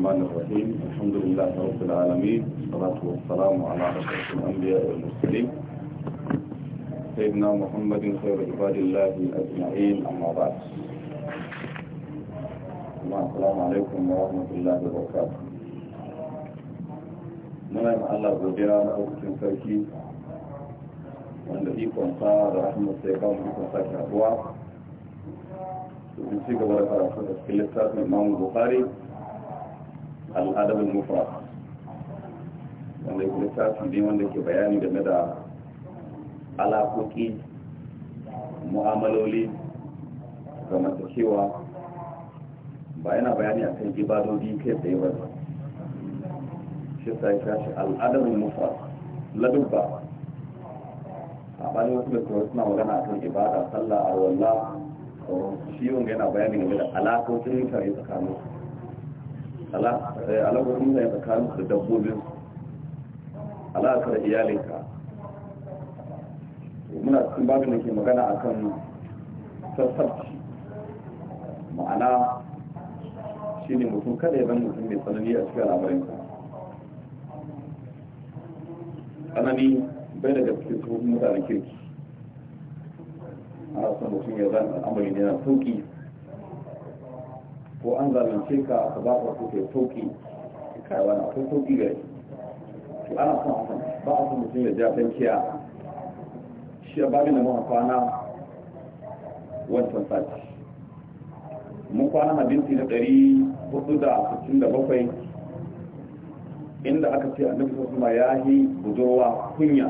الرحمن الرحيم الحمد لله رب العالمين والصلاة والسلام على رسول الأنبياء والمرسلين سيدنا محمد خير عباد الله أجمعين أما بعد السلام عليكم ورحمة الله وبركاته من yin Allah godiya na abokin sarki wanda ikonsa da rahama sai ba mu ikon sake haduwa su ci gaba da karatu Al'adar mufra wanda ya littafi ne wanda ke bayani game da alakoki, mu'amaloli cewa ba yana bayani kan ibadodi kai tsaye ba shi sai kashi shi al mufra ladubba a bayan wasu da kuma suna magana a kan ibada sallah a wallah shi wanda yana bayani game da alakokin mutane tsakaninsu alaƙoƙin da ya tsakanin da dabbobin alaƙar iyalinka muna cikin babin da ke magana a kan sassabci ma'ana shi ne mutum kada ya zama mutum mai tsanani a cikin al'amarinka tsanani bai daga cikin tsohon mutane kirki ana son mutum ya zan al'amari ne na sauƙi ko an zalunce ka ka ba ka kuke toki kai wani akwai toki gari to ana son hakan ba a son mutum ya ja ɗan kiya shi a babin da muka kwana wancan sati mun kwana binti na ɗari hudu da sittin da bakwai inda aka ce a nufin kuma ya yi budurwa kunya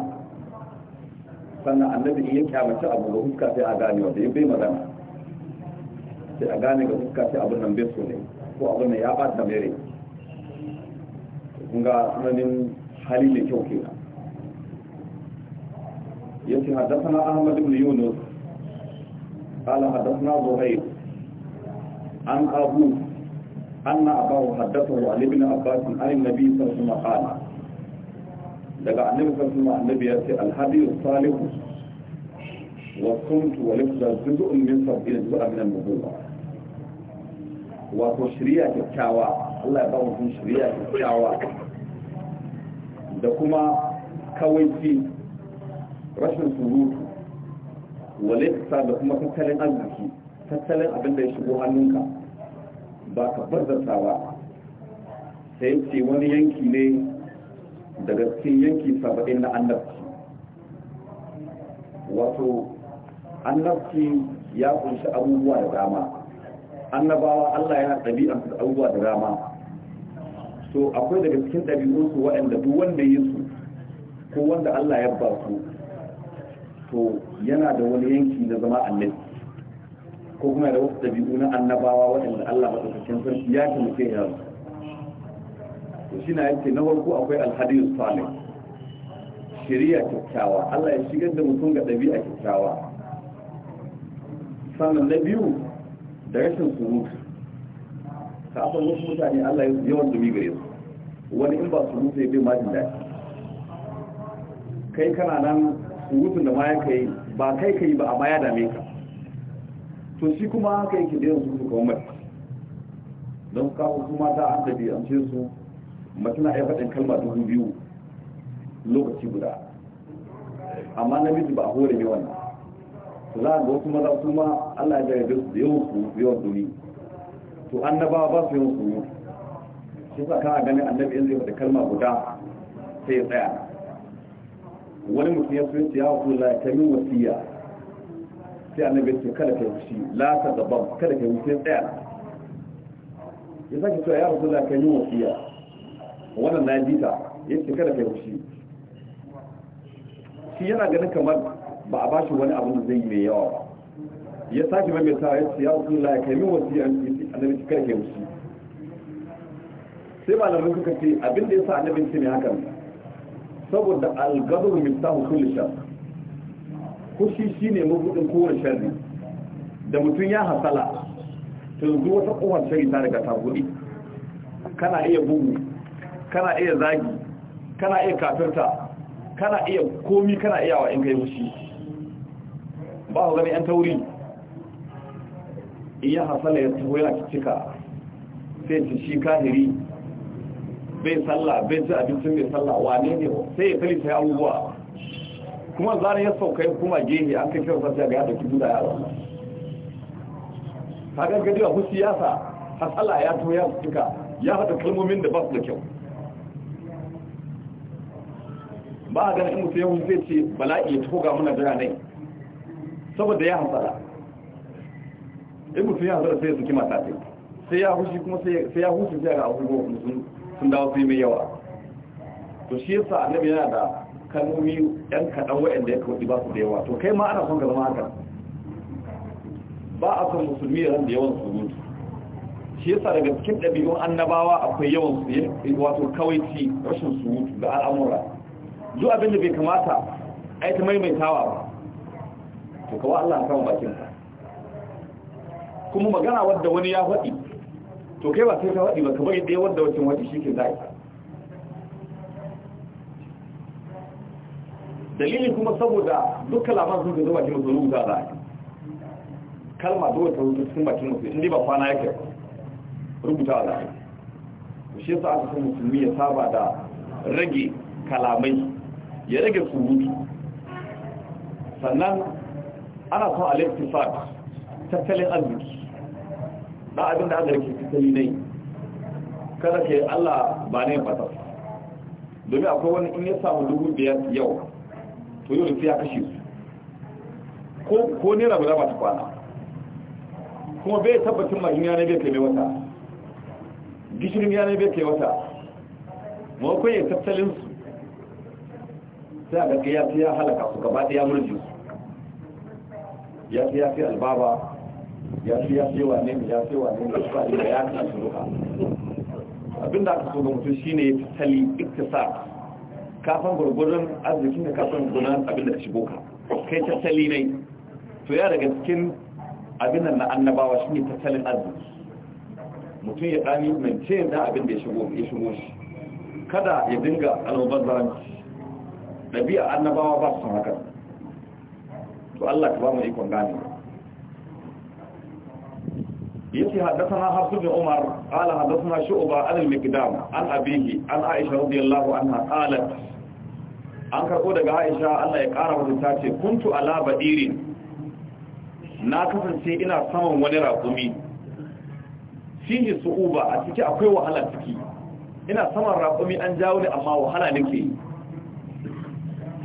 sannan annabi iya kyamace abu da huska sai a gane wanda ya bai magana sai a gane ga fuska sai abin nan bai ne ko abin nan ya ɓata mere. kun ga sunanin hali mai kyau kenan yace haddathana ahmad ibn yunus قال حدثنا زهير عن أبوه أن أباه حدثه عن ابن عباس عن النبي صلى الله عليه وسلم قال لقى النبي صلى الله عليه وسلم النبي يأتي الهدي الصالح والصمت ولفظ جزء من سبعين جزء من النبوة wato shirya kyakkyawa Allah ya ba mutum shirya kyakkyawa da kuma kawaici rashin surutu wale da kuma tattalin arziki tattalin abin da ya shigo hannunka ba ka barzarta ba sai ce wani yanki ne daga cikin yanki saba'in na annabci wato annabci ya kunshi abubuwa da dama annabawa Allah yana ɗabi'an su abubuwa da dama to akwai daga cikin ɗabi'un su waɗanda duk wanda yi su ko wanda Allah ya ba su to yana da wani yanki na zama annabi ko kuma da wasu ɗabi'u na annabawa waɗanda Allah maɗaukakin sarki ya taimake ya su to shi na yake na farko akwai alhadiyu salih shiriya kyakkyawa Allah ya shigar da mutum ga ɗabi'a kyakkyawa sannan na biyu da rashin surutu ka san wasu mutane Allah yawan dumi gare su wani in ba surutu ya bai ma jin daɗi kai kana nan surutun da ma ya kai ba kai kai ba amma ya dame ka to shi kuma haka yake da surutu kawai mai don kawo kuma mata an da biyan ce su mace na iya kalma dubu biyu lokaci guda amma namiji ba a hore ne wannan za a ga wasu maza kuma Allah ya da yawan su yawan duni to annabawa ba su yawan su shi sa kana ganin annabi in zai da kalma guda sai ya tsaya wani mutum ya fi ya wasu la kamin wasiya sai annabi ce kada ka yi la ta gaban kada ka yi ya tsaya ya sake cewa ya wasu la kamin wasiya wannan na jita ya ce kada ka yi shi yana ganin kamar ba a bashi wani abu da zai yi mai yawa ba ya sake mai ta ya ce ya wasu la kai min wasu annabi ci karke musu sai malamai suka ce abin da ya sa annabin ce ne hakan saboda algadu miftahu kulli shar kushi shi ne mabudin kowar shari. da mutum ya hasala to yanzu wata kowar shari ta daga ta buɗe kana iya bugu kana iya zagi kana iya kafirta kana iya komi kana iya wa in kai mushi ba ku gani yan tauri iya hasala ya taho yana cika sai ta shi kahiri bai sallah bai ci abincin mai sallah wane ne sai ya kali sai abubuwa kuma zanen ya sauka ya kuma gehe an kai kyau sai ga ya ki duda yawon ta gargajiya ku siyasa hasala ya taho ya cika ya haɗa kalmomin da ba su da kyau ba a ganin mutum yawon zai ce bala'i ya taho ga muna biranai saboda ya hamsara in mutum ya hamsara sai ya suke mata sai ya hushi kuma sai ya hushi sai ga abubuwa sun dawo sai mai yawa to shi yasa annabi yana da kalmomi yan kaɗan waɗanda ya kawai ba su da yawa to kai ma ana son ka zama haka ba a son musulmi ran da yawan su shi yasa daga cikin ɗabi'un annabawa akwai yawan su wato kawaici rashin su da al'amura zuwa abin da bai kamata a yi ta maimaitawa ba to kawai Allah kama bakin ka kuma magana wadda wani ya faɗi to kai ba sai ka faɗi ba kamar yadda ɗaya wadda wacin wata shi ke zai dalili kuma saboda dukkan kalaman sun ka zuwa bakin rubuta za a kalma zuwa ta rubuta cikin bakin musu inda ba kwana yake rubuta za a shi yasa aka san musulmi ya saba da rage kalamai ya rage surutu sannan ana son al fad tattalin arziki da abin da aka rike tattali ne kada ke Allah ba ne fata domin akwai wani in ya samu dubu biyar yau to yau rufi ya kashe su ko nera guda ba ta kwana kuma bai tabbatin mahim yanayi bai kai wata gishirin yanayi bai kai wata mawakon ya tattalin su sai a gaggaya sai ya halaka su gaba da ya murji ya fi ya fi albaba ya fi ya fi wane ya fi wane da su faɗi da ya fi su duka abin da aka so ga mutum shine tali tattali iktisa kafin gurgurun arzikin da kafin gunan abin da shigo ka kai tattali ne to ya daga cikin abin da na annabawa shine tattalin arziki mutum ya ɗani mance da abin da ya shigo shi kada ya dinga almubazaranci ɗabi'a annabawa ba su san hakan. to Allah ka ba mu ikon gane yace haddathana hafs bin umar qala haddathana shu'ba an al-miqdam an abihi an aisha radiyallahu anha qalat an karbo daga aisha Allah ya kara mata tace kuntu ala badirin na kasance ina saman wani raƙumi su su'uba a ciki akwai wahala ciki ina saman raƙumi an jawo ni amma wahala nake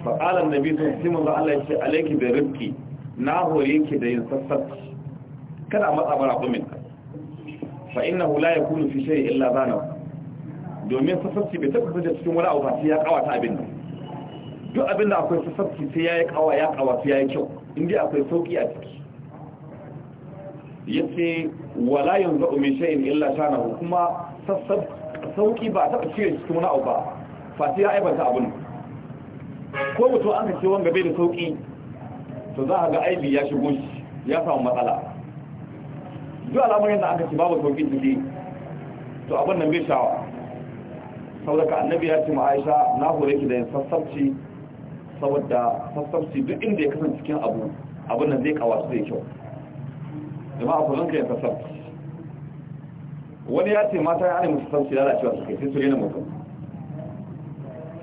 faƙalar na biyu sun siman za Allah ya ce alaiki da rifki na hore ki da yin sassabci kada matsa mara kumin ka fa inna hula ya kunu fi shari illa zana domin sassabci bai taɓa da cikin wani abu sai ya kawata abin nan duk abin da akwai sassabci sai ya yi kawa ya kawata ya yi kyau inda akwai sauƙi a ciki ya ce wala yanzu umin sha'in illa shanahu kuma sassabci sauƙi ba taɓa cire cikin wani abu ba fati ya aibanta abin nan ko mutum an kace wanga bai da sauki to za ka ga aibi ya shigo shi ya samu matsala duk al'amarin da aka ci babu sauki jiki to abin nan bai shawa saboda annabi ya ce ma Aisha na hore ki da yin sassabci saboda sassabci duk inda ya kasance cikin abu abin nan zai su da kyau jama'a a ranka yin sassabci wani ya ce mata ya ne musu sassabci lalacewa su cewa sai su rena mutum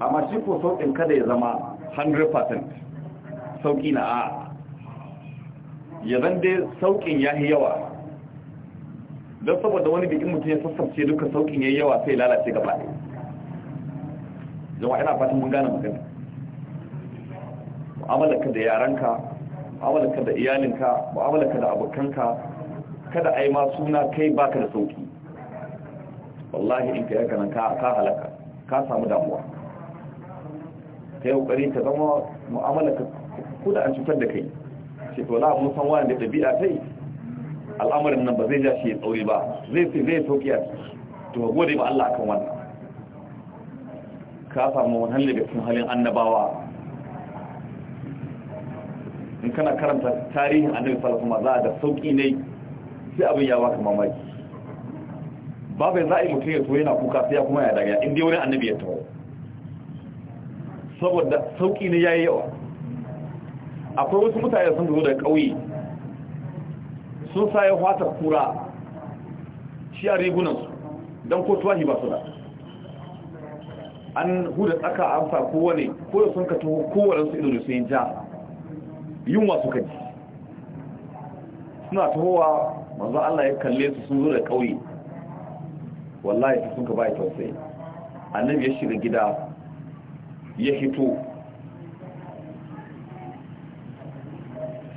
amma shi ko sauƙin kada ya zama 100% sauƙi na a ya zan dai sauƙin ya yi yawa don saboda wani bikin mutum ya sassabce duka sauƙin ya yi yawa sai lalace gaba ɗaya jama'a ina fatan mun gane magana mu'amalarka da yaranka mu'amalarka da iyalinka mu'amalarka da abokanka kada a yi ma suna kai baka da sauƙi wallahi in ka yi ka ka halaka ka samu damuwa ta yau ƙari ta zama mu'amala ka kuda an cutar da kai ce to la mun san wani da ta sai al'amarin nan ba zai ja shi ya tsauri ba zai fi zai tokiya a to ba gode ba Allah akan wannan ka samu wani halin da cikin halin annabawa in kana karanta tarihin annabi sallallahu alaihi wasallam za da sauki ne sai abin ya baka mamaki babu za a yi mutum ya to yana kuka sai ya kuma ya daga in wani annabi ya tawo saboda sauki ne ya yi yawa akwai wasu mutane sun zo da kauye sun saye fatar kura shi a rigunansu don ko tuwa ba su da an huda tsaka an sa kowane ko da sun ka taho kowane su ido da su yin ja yin wasu kaji suna tahowa manzo Allah ya kalle su sun zo da kauye wallahi sun ka bai tausayi annabi ya shiga gida ya hito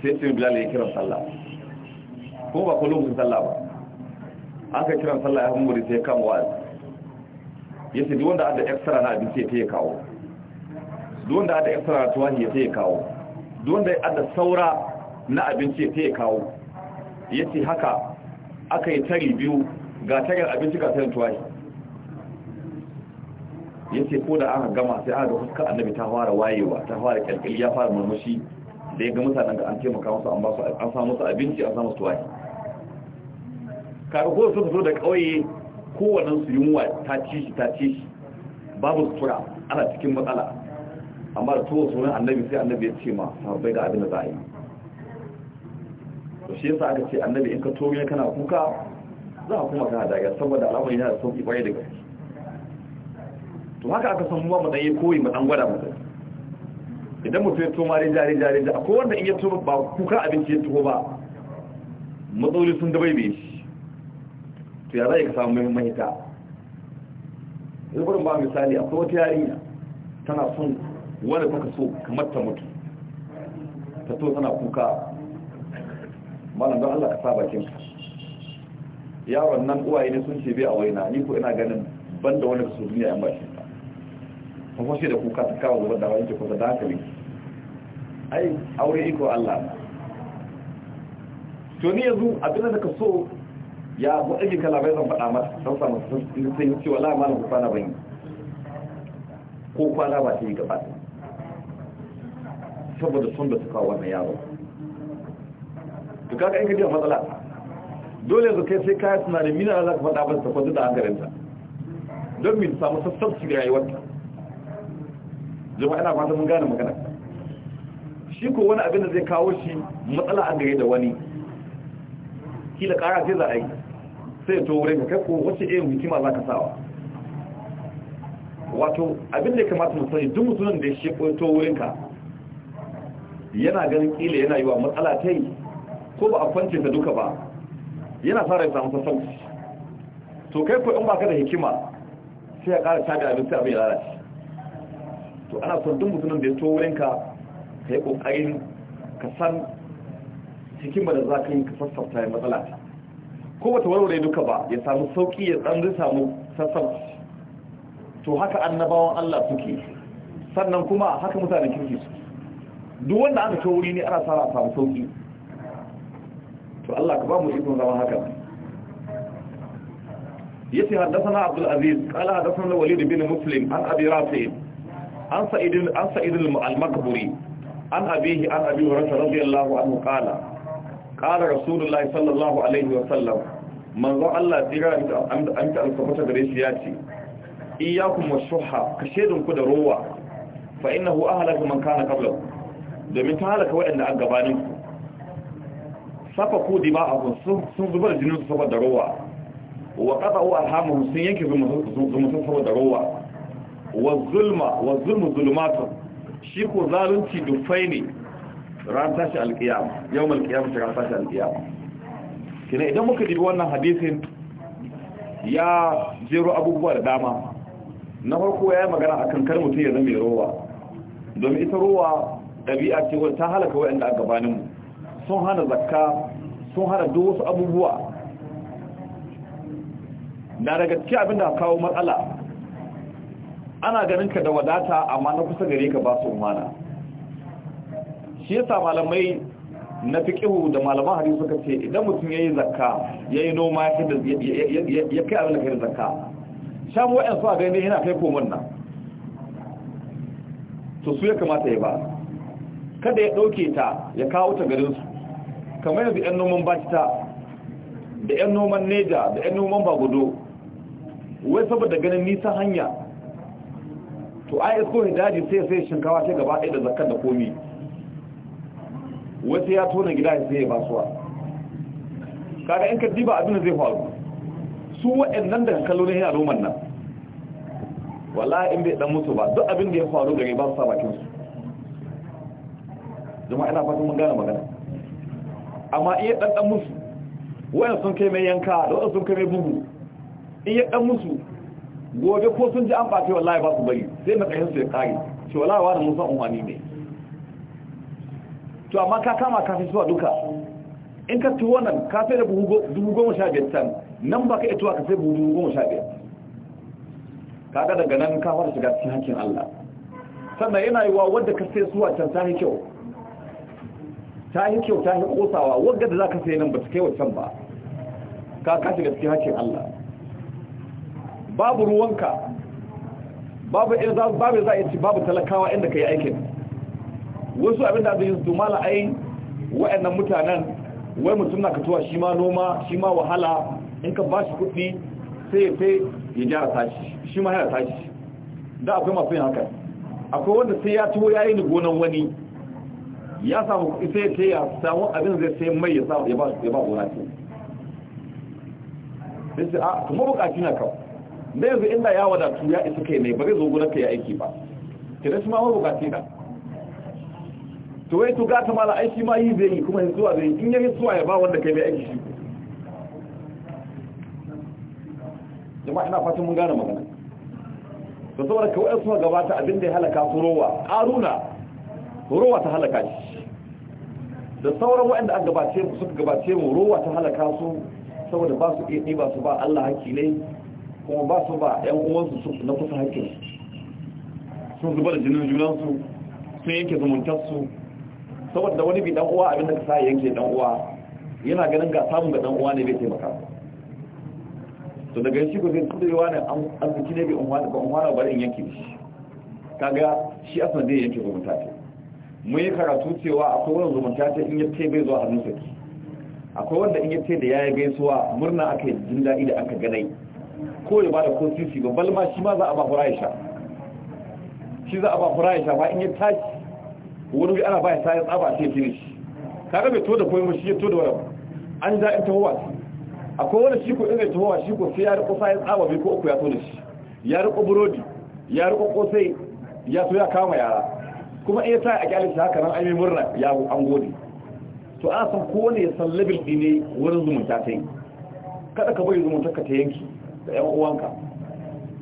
sai sai bilal ya kiran sallah ko ba ko lokacin sallah ba an ka kiran sallah ya hammuri sai kan wa ya sai duwanda ada extra na abinci ya ta ya kawo duwanda ada extra na tuwahi ya sai ya kawo duwanda ada saura na abinci ya ta ya kawo ya sai haka aka yi tari biyu ga tarin abinci ga tarin tuwahi yace ko da aka gama sai aka ga fuskar annabi ta fara wayewa ta fara kyalkyali ya fara murmushi da ya ga mutanen da an taimaka musu an ba su an samu musu abinci an samu su tuwaye kaga ko sun zo da kauye wannan su yunwa ta ci shi ta ci shi babu sutura ana cikin matsala amma da tuwo sunan annabi sai annabi ya ce ma sahabbai ga abin da za a yi to shi yasa aka ce annabi in ka tobe kana kuka za a kuma kana ya saboda al'amari yana da sauki kwarai da gaske to haka aka san muwa mu dan koyi ma dan gwada mu idan mutum ya toma mari jari jari da akwai wanda in ya toma ba kuka abinci ya tuho ba matsaloli sun dabai bai shi to ya zai ka samu mai mahita zubarin ba misali akwai wata yarinya tana son wani ta so kamar ta mutu ta to tana kuka malam don Allah ka sa bakin yaron nan uwaye ne sun ce bai a waina ni ko ina ganin banda wani kaso duniya yan bashi kuma shi da kuka ta kawo wadda wani ke kusa da hankali ai aure iko Allah to ni yanzu abin da ka so ya bu kala bai zan faɗa mata don samu sun sai yi cewa malam na kwana ba yi ko kwana ba ta yi gaba saboda sun da suka wannan yaro to kaga in ka ji matsala dole yanzu kai sai kaya suna da mina za ka faɗa ba ta kwanci da hankalinta don min samu sassan sassabci rayuwarta jama'a ina fata mun gane magana shi ko wani abin da zai kawo shi matsala an gare da wani kila kara sai za a yi sai to wurin ka kai ko wace irin hikima za ka sawa wato abin da ya kamata mu sani duk mutumin da ya shi to wurin ka yana ganin kila yana yi wa matsala ta yi ko ba a kwance ta duka ba yana fara ya samu sassauci to kai ko in baka da hikima sai ya kara tabi abin sai abin ya lalace to ana son duk mutumin da ya to wurinka ka yi ƙoƙarin ka san ba da za ka yi ka sassauta ya matsala ta ko ta warware duka ba ya samu sauƙi ya ɗan samu sassauci to haka annabawan Allah suke sannan kuma haka mutane kirki su duk wanda aka kawo wuri ne ana sara a samu sauƙi to Allah ka ba mu ikon zama haka يسي حدثنا عبد العزيز قال حدثنا الوليد بن مسلم an أبي Rafi' an sa'idin an sa'idin al-makburi an abihi an abi hurairah radiyallahu anhu qala qala rasulullahi sallallahu alaihi wa sallam manzo Allah tira an ta alfafata gare shi yace iyyakum washuha kashedun ku da ruwa fa innahu ahlaka man kana qablakum domin ta halaka waɗanda an gabanin ku safa ku dima'ahum sun zubar jinin su saboda ruwa wa qata'u arhamuhum sun yanke zumunsu saboda ruwa wa zulma wa zulmu zulmatun shi ko zalunci dufai ne ran tashi alkiyama yawon alkiyama ta ran tashi alkiyama kina idan muka dibi wannan hadisin ya jero abubuwa da dama na farko ya yi magana a kankar mutum ya zama rowa domin ita rowa ɗabi'a ce wadda ta halaka wa'anda a gabaninmu sun hana zakka sun hana duk wasu abubuwa na daga ci abin da kawo matsala ana ganin ka da wadata amma na kusa gare ka ba su umana shi yasa malamai na fiqihu da malaman hadisi suka ce idan mutum yayi zakka yayi noma ya kai abin da kai zakka sha mu wa'ansu a gani yana kai komon nan to su ya kamata ya ba kada ya dauke ta ya kawo ta garin su kamar yanzu yan noman ta da yan noman neja da yan noman bagudo wai saboda ganin nisan hanya to a isko ne daji sai sai shinkawa sai gaba ɗaya da zakar da komi wasu ya tona gida sai ya basuwa kaga in ka diba abin da zai faru su waɗannan da kallo ne yana roman nan wallahi in bai dan mutu ba duk abin da ya faru gare ba su sa bakin su jama'a ina fatan mun gane magana amma iya dan dan musu wayan sun kai mai yanka da wayan sun kai mai bugu iya dan musu gobe ko sun ji an ɓace wallahi ba su bari sai matsayin su ya kare ce wallahi wani san umarni ne to amma ka kama fi zuwa duka in ka ci wannan ka sai da dubu goma sha biyar can nan ba ka iya tuwa ka sai dubu goma sha biyar ka ga daga nan ka fara shiga cikin hakkin Allah sannan yana yi wa wadda ka sai zuwa can ta yi kyau ta yi kyau ta yi kosawa wadda da za ka sai nan ba ta kai can ba ka ka shiga cikin hankin Allah babu ruwanka babu za babu za a ce babu talakawa inda ka yi aikin wasu abin da zai su mala ai wa'annan mutanen wai mutum na katuwa shi ma noma shi ma wahala in ka ba shi kuɗi sai ya sai ya jara tashi shi ma ya tashi da akwai masu yin haka akwai wanda sai ya tuwo ya yi ni gonan wani ya samu kuɗi sai ya ce ya samu abin zai sai mai ya ba gona ce sai sai a ah, kuma bukaci na kawai da yanzu inda ya wadatu ya isa kai ne ba zai zo gudanka ya aiki ba kira shi ma wani bukati da to wai to gata mala aiki ma yi zai yi kuma zuwa zai in yi zuwa ya ba wanda kai mai aiki shi jama'a ina fatan mun gane magana da saboda kawai suka gabata abin da ya halaka su rowa ƙaruna rowa ta halaka shi da sauran waɗanda aka gabace su suka gabace mu rowa ta halaka su saboda ba su iya ba su ba Allah hakki ne kuma ba su ba yan uwansu su na kusa hakkin sun zuba da jinin junansu sun yanke zumuntarsu saboda wani bi ɗan uwa abin da ka sa yanke ɗan uwa yana ganin ga samun ga ɗan uwa ne bai taimaka to daga shi ko sai tsudewa ne an arziki ne bai unwa ba ba in yanke shi kaga shi asan zai yanke zumunta ce mun yi karatu cewa akwai wani zumunta ce in yace bai zuwa hannun saki akwai wanda in yace da yi gaisuwa murna aka yi jin daɗi da aka ganai ko ya bada ko sisi ba balma ma shi ma za a ba furaisha shi za a ba furaisha ba in ya tashi wani bi ana ba ya sayar tsaba sai finish ka gabe to da koyi mu shi ya to da wani an ja in tahowa akwai wani shi ko in zai tahowa shi ko sai ya riko sayar tsaba bai ko uku ya to da shi ya riko burodi ya riko kosai ya so ya kama yara kuma in ya sa a kyalin shi haka nan an yi murna ya an gode to ana san kowane ya san label ɗine wurin zumunta ta yi kada ka bari zumunta ka ta yanki da yan uwanka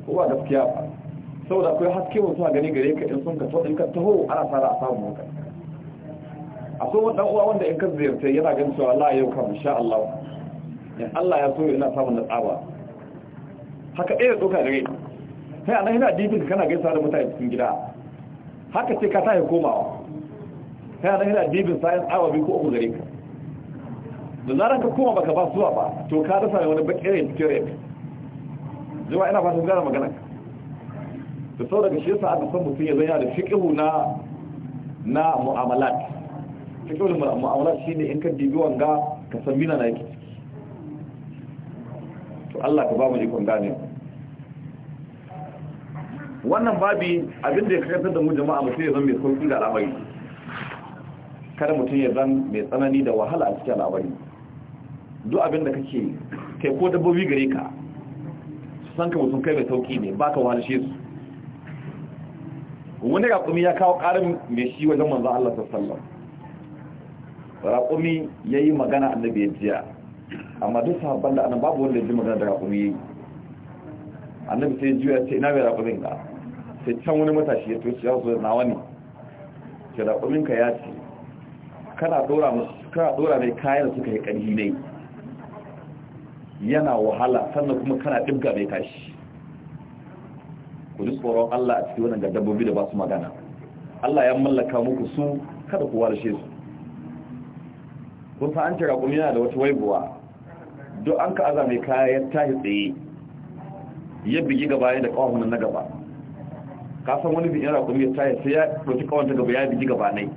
ko ba gaskiya ba saboda akwai haske mutum a gani gare ka in sun ka to in ka taho ana fara a samu a so wani uwa wanda in ka ziyarce yana ganin cewa Allah ya kan insha Allah in Allah ya so yana samun na tsaba haka ɗaya tsoka da rai sai a nan yana ka kana gaisa da mutane cikin gida haka ce ka tashi komawa sai a nan yana dibin sayan awa biyu ko uku gare ka da zaran ka koma baka ba suwa ba to ka rasa wani bakirai cikin rai jama'a ina fatan gara magana da sau daga shi yasa aka san mutum ya zanya da fiƙihu na na mu'amalat fiƙihu na mu'amalat shi ne in ka dibi wanga ka san mina na yake to Allah ka ba mu ikon gane wannan babi abin da ya karantar da mu jama'a mutum ya zan mai sauƙi da al'amari kada mutum ya zan mai tsanani da wahala a cikin al'amari duk abin da kake kai ko dabbobi gare ka san ka mutum kai mai sauki ne ba ka wani su wani raƙumi ya kawo ƙarin mai shi wajen manzan Allah sallallahu raƙumi ya yi magana annabi ya jiya amma duk sahabban da annabi babu wanda ya ji magana da raƙumi ya yi annabi sai juya ce ina mai raƙumin ka sai can wani matashi ya toshi ya zuwa na wani ke raƙumin ka ya ce kana ɗora mai kayan da suka yi ƙarfi ne yana wahala sannan kuma kana ɗibga mai tashi ku ji tsoron Allah a cikin ga dabbobi da ba su magana Allah ya mallaka muku su kada ku warshe su kun fa an tira kuma yana da wata waibuwa duk an ka aza mai kaya ya tashi tsaye ya bigi gaba ya da kawahun na gaba ka san wani bikin rakumi ya tashi sai ya ɗauki kawanta gaba ya bigi gaba nai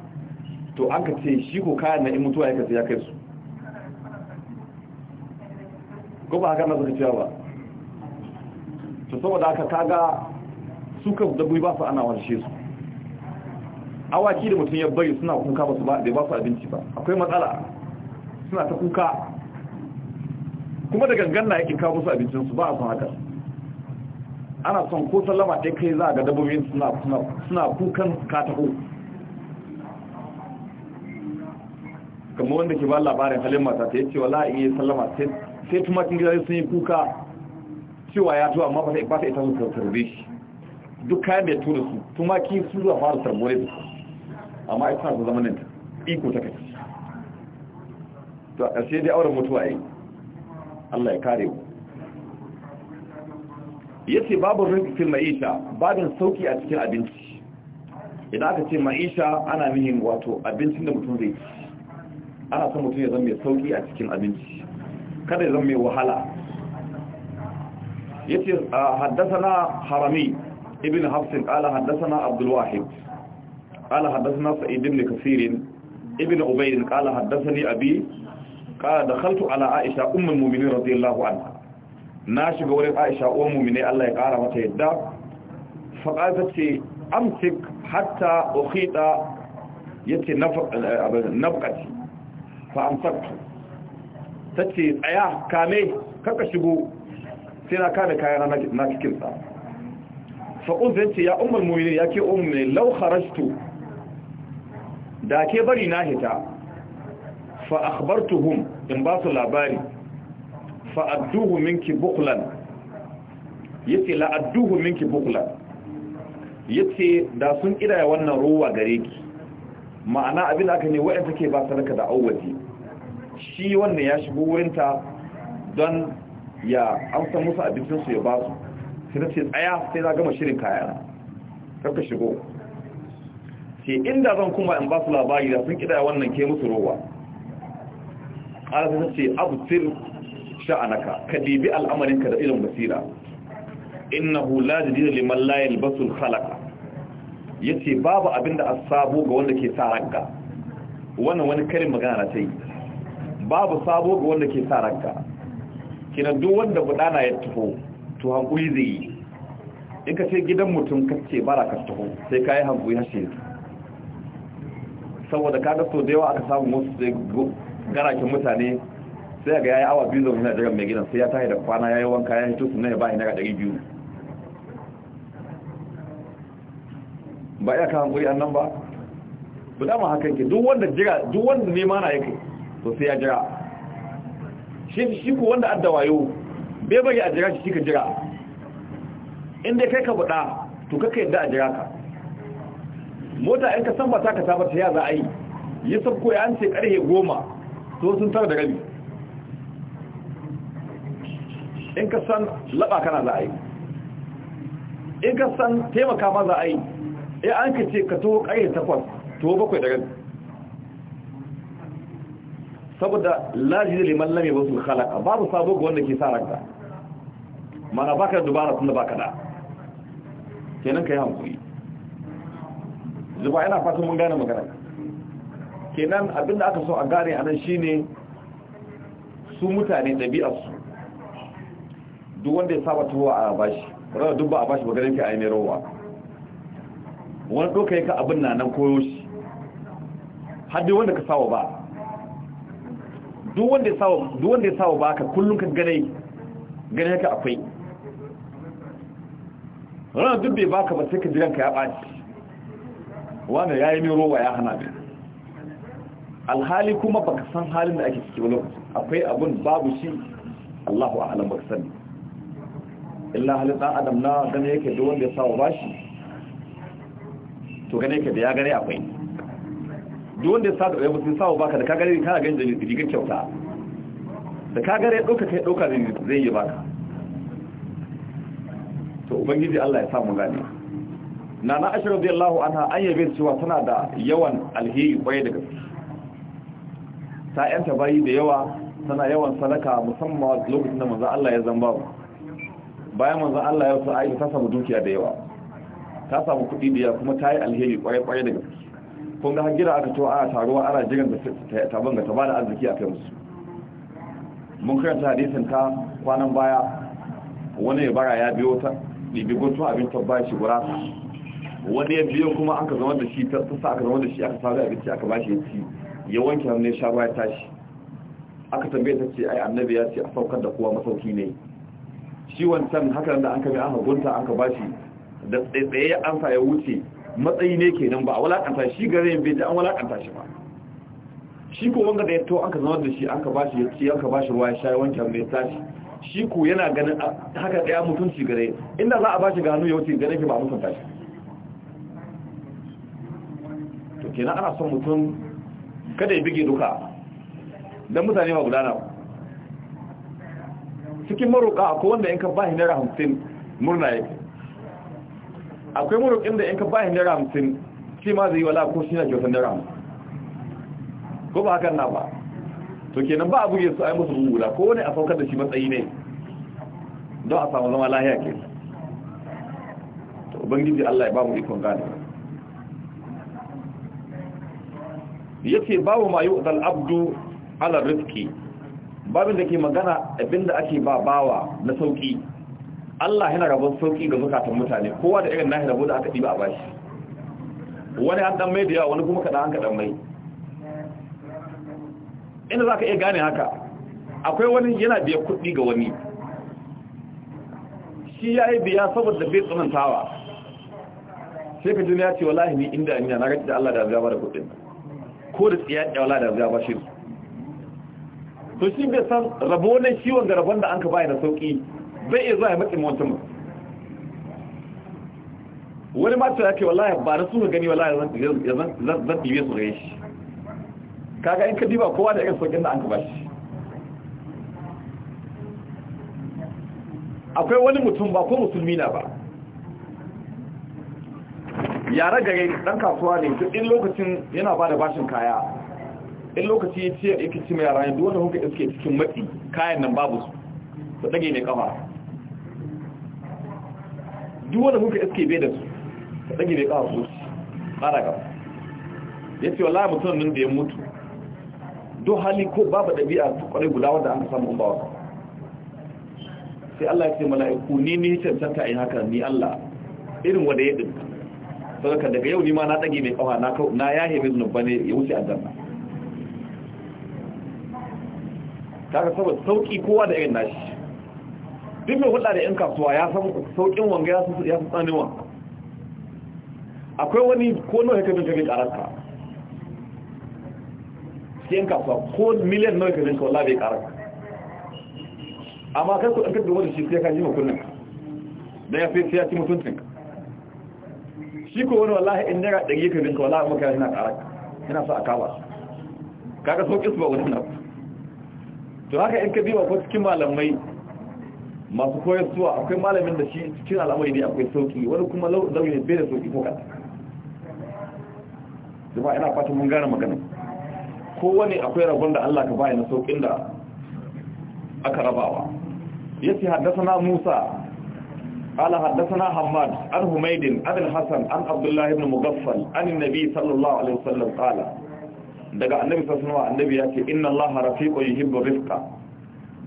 to an ka ce shi ko kayan na in mutuwa ya kasu ya kai su ko ba haka na cewa ba to saboda haka kaga su kan dabbobi ba su ana warshe su awaki da mutum ya bari suna kuka ba su ba bai ba su abinci ba akwai matsala suna ta kuka kuma da gangan na yake kawo su abincin su ba a son haka ana son ko sallama ɗaya kai za ga dabbobin suna kukan katako kamar wanda ke ba labarin halin mata ta yace wala in yi sallama sai sai tumakin gidaje sun yi kuka cewa ya tuwa amma ba ta ita su tarbe shi duk kayan da ya tura su ki su zuwa fara tarbore da su amma ita su zama nan iko ta kai to a ƙarshe dai auren mutuwa yi Allah ya kare ku. Ya ce babu rizqil ma'isha babin sauki a cikin abinci idan aka ce ma'isha ana mihin wato abincin da mutum zai ci ana son mutum ya zama mai sauki a cikin abinci kada zan mai wahala yace haddathana harami ibn hafs qala haddathana abdul wahid qala haddathana sa'id ibn kathir ibn ubayd qala haddathani abi qala dakhaltu ala aisha umm al-mu'minin radiyallahu anha na shiga wurin aisha uwar mu'mini Allah ya kara mata yadda fa qalat ce amsik hatta ukhita yace nafqati fa amsaktu ta ce tsaya kame kaka shigo sai na kame kayan na cikinsa faƙun zai ce ya umar mummuni ya ke umarni lauharastu da ke bari na hita fa akhbartuhum in ba su labari fa adduhu minki bukhlan yace la adduhu minki Ya yace da sun kidaya wannan ruwa gare ki ma'ana abin da aka ne wa'anda ke ba sanaka da awwaji shi wannan ya shigo wurinta don ya amsa musu abincinsu ya ba su sai na ce tsaya sai na gama shirin kayana karka shigo ce inda zan kuma in ba su labari da sun kida wannan ke musu rowa ƙara ce abu sir sha'anaka ka al'amarin al'amarinka da ilin basira hula da jadida liman layin basul halaka Ya ce babu abinda sabo ga wanda ke sa ragga. wannan wani karin magana na yi babu sabo ga wanda ke sa ranka kinan duk wanda gudana ya taho to hankuri zai yi in ka ce gidan mutum ka ce bara ka taho sai ka yi hankuri hashe saboda ka ga so da yawa aka samu wasu sai garakin mutane sai ga yayi awa biyu zaune daga mai gidan sai ya tahi da kwana yayi wanka ya hito sunan ya bai na ga 200 ba ya ka hankuri annan ba bu dama hakan ke duk wanda jira duk wanda nema na yake to sai ya jira shi ku wanda adda wayo bai bari a jira shi ka jira inda kai ka buɗa to kaka yadda a jira ka mota in ka san ba ta ka sabar ta ya za a yi yi sabko ya an ƙarhe goma to sun tara da rabi in ka san laba kana za a yi in ka san taimaka ma za a yi ya an ka ce ka to ƙarhe takwas to bakwai da rabi saboda laji da liman lam yabusul ba babu sabo ga wanda ke sa ranka mana baka da dubara tunda baka da kenan kai hankuri zuba yana fatan mun gane magana kenan abinda aka so a gane anan shine su mutane ɗabi'arsu. duk wanda ya saba tuwa a bashi rawa duk ba a bashi ganin ka a yi ne rawa wani doka ka abin na nan koyo shi haddi wanda ka sawa ba duk wanda ya sawa baka kullum ka gane gane haka akwai ranar duk bai baka ba sai ka jiran ka ya baci wanda ya yi min rowa ya hana ni alhali kuma baka san halin da ake ciki wani akwai abun babu shi Allahu halin baka sani illa halin ɗan adam na gane yake duk wanda ya sawa bashi to gane yake da ya gane akwai wanda ya sa da ɗaya ya sawa baka da kagare kana ganin da jirgin kyauta da kagare ya ɗauka kai ɗauka zai yi baka to ubangiji Allah ya samu gani na na ashirar da an ha an yabe cewa tana da yawan alheri kwaye da gaske ta yanta bayi da yawa tana yawan sadaka musamman lokacin da manzo Allah ya zamba bayan manzo Allah ya sa aiki ta samu dukiya da yawa ta samu kuɗi da yawa kuma ta yi alheri kwaye kwaye da gaske kun ga gira aka to ana taruwa ana jiran da ta banga ta da arziki a kai musu mun karanta hadisin ta kwanan baya wani ya bara ya biyo ta ɗibi guntun abin tabba shi gurasa wani ya biyo kuma aka zama da shi ta sa aka zama da shi aka samu abinci aka ba shi ya ci ya wanke hannu ya sha ruwa ya tashi aka tambaye ta ce ai annabi ya ce a saukar da kowa masauki ne shi wancan haka da an kame aka gunta aka ba shi da tsaye an sa ya wuce matsayi ne kenan ba a walakanta shi gare bai ji an walakanta shi ba shi ko wanga da ya to an ka zama da shi an ka bashi ya ci an ka ruwa ya sha wanke mai tashi shi ko yana ganin haka daya mutunci gare inda za a bashi ga hannu ya wuce gare ki ba mutunta tashi to kenan ana son mutum kada ya bige duka dan mutane ba gudana cikin maroka akwai wanda in ka ba shi naira hamsin murna yake akwai murukin da in ka bayan naira hamsin shi ma zai yi wala ko shi na kyautar naira ko ba hakan na ba to kenan ba abu buge su a musu rubula ko wani a saukar da shi matsayi ne don a samu zama lahiya ke to ubangiji Allah ya ba mu ikon gane yace babu mayu yu'dal abdu ala rizqi babin da ke magana abinda ake ba bawa na sauki Allah yana rabon sauki ga zukatan mutane kowa da irin nahi rabo da aka ba a bashi wani an dan mai da yawa wani kuma kaɗan an kaɗan mai inda za ka iya gane haka akwai wani yana biya kuɗi ga wani shi ya yi biya saboda bai tsanantawa sai ka jini ya ce wallahi ni inda yi na gaji da Allah da ba da kuɗin ko da tsiya da wala da zaba shi to shi bai san rabo ne shi ga rabon da an ka bayar da sauki bai iya zuwa ya matsin wancan mutum wani mata ya ke wallahi ba na suna gani wallahi zan ɗiwe su gare shi kaga in ka diba kowa da yakan sauƙin da an ka shi. akwai wani mutum ba ko musulmi na ba yare gare ɗan kasuwa ne duk in lokacin yana ba da bashin kaya in lokaci ya ce ya ci mai yara ne duk hunka iske cikin matsi kayan nan babu su su ɗage ne kama. duk wanda kuka iske bai da su ka ɗage bai kawo zuci ƙara gaba ya ce wallahi mutum nan da ya mutu don hali ko babu ɗabi'a ta ƙwarai guda wanda an samu in bawa sai Allah ya ce mala'iku ni ne cancanta a yi haka ni Allah irin wanda ya ɗin ka daga yau ni ma na ɗage mai ƙawa na yahe mai zunubba ne ya wuce aljanna kaga saboda sauƙi kowa da irin nashi duk mai hulɗa da 'yan kasuwa ya san sauƙin wanga ya san san wa akwai wani ko nawa ya kabin kabin ƙararka sai 'yan kasuwa ko miliyan nawa ya kabin wala bai ƙararka amma kai ku ɗan kabin wani shi sai ka ji makunan da ya fi ya ci mutuncin shi ko wani wallahi in naira ɗari ya kabin wala maka yana ƙararka yana sa a kawa kaga sauƙin su ba wani nan to haka 'yan kabiwa ko cikin malamai masu koyar suwa akwai malamin da shi cikin al'amari ne akwai sauki wani kuma launi ne bai da sauki ko kasa zama ina fatan mun gane magana kowane akwai rabon da Allah ka bayi na saukin da aka rabawa yace haddathana Musa قال Haddasa na Hamad, an Humaidin, الحسن Hassan, an abdullah Ibn Mugaffal, an النبي صلى الله عليه وسلم قال daga annabi sallallahu alaihi wasallam annabi yace inna allaha rafiqun yuhibbu rifqa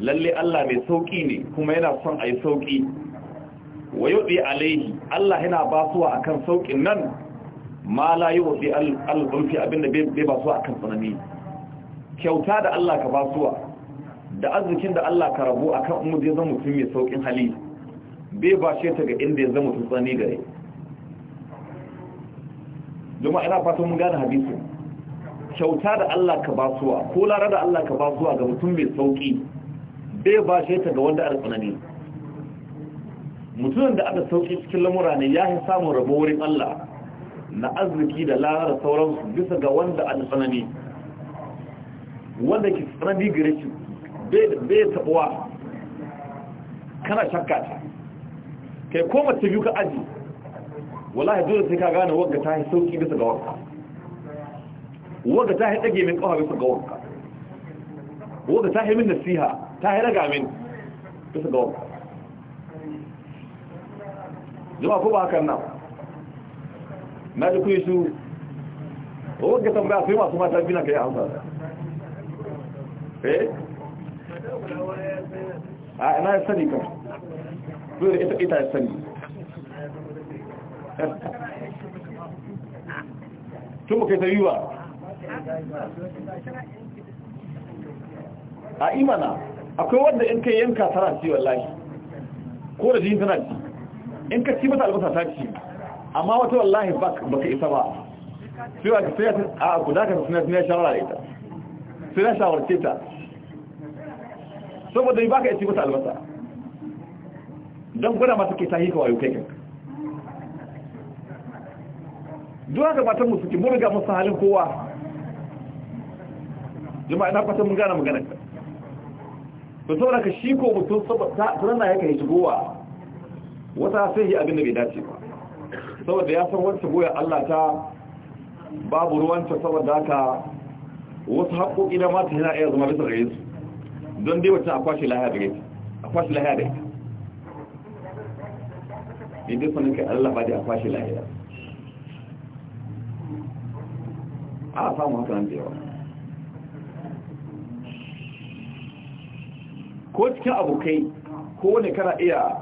lalle Allah mai sauki ne kuma yana son a yi sauki wa yuɗi alaihi Allah yana basuwa kan saukin nan ma la yuɗi al-ulfi abinda bai basuwa akan tsanani kyauta da Allah ka basuwa da arzikin da Allah ka rabu akan umar zai zama mutum mai saukin hali bai bashe ta ga inda ya zama mutum ga rai domin ina fatan mun gane hadisi kyauta da Allah ka basuwa ko lara da Allah ka basuwa ga mutum mai sauki bai bashe ta ga wanda aka tsanani mutumin da aka sauki cikin lamura ne ya yi samun rabo wurin Allah na arziki da lahar sauransu bisa ga wanda aka tsanani wanda ke tsanani gare shi bai taɓuwa kana shakka ta kai ko mace biyu ka aji wallahi dole sai ka gane wagga ta yi sauki bisa ga wanka wagga ta yi ɗage min ƙawa bisa ga wanka wagga ta yi min nasiha ta yi ga min bisa ga wanda Zuma ko ba hakan nan na ji kuyi su wadda tambaya su yi masu mata bina ka yi amsa eh a ina ya sani kan zuwa da ita ya sani tun muka yi ta yi ba a imana akwai wanda in kai yanka tara ci wallahi ko da jin tana ci in ka ci mata albasa ta ci amma wata wallahi ba ka isa ba sai wa sai a guda ka suna ya shawara da ita sai na shawarce ta saboda ba ka ci mata albasa don gwada ma ke tahi ka wayo kai kanka duk haka matan musu ke mun riga halin kowa jama'a ina fata mun gane maganar ka to da ka shi ko mutum sanana ya kai shigowa wata sai yi abin da bai dace ba saboda ya san wancan goya Allah ta babu ruwanta saboda haka wasu haƙoƙi da mata yana iya zama bisa gare su don dai wata akwashi lahiya da ita akwashi lahiya da ita inda sanin ka Allah ba da akwashi lahiya a samu haka nan da yawa ko cikin abokai ko wani kana iya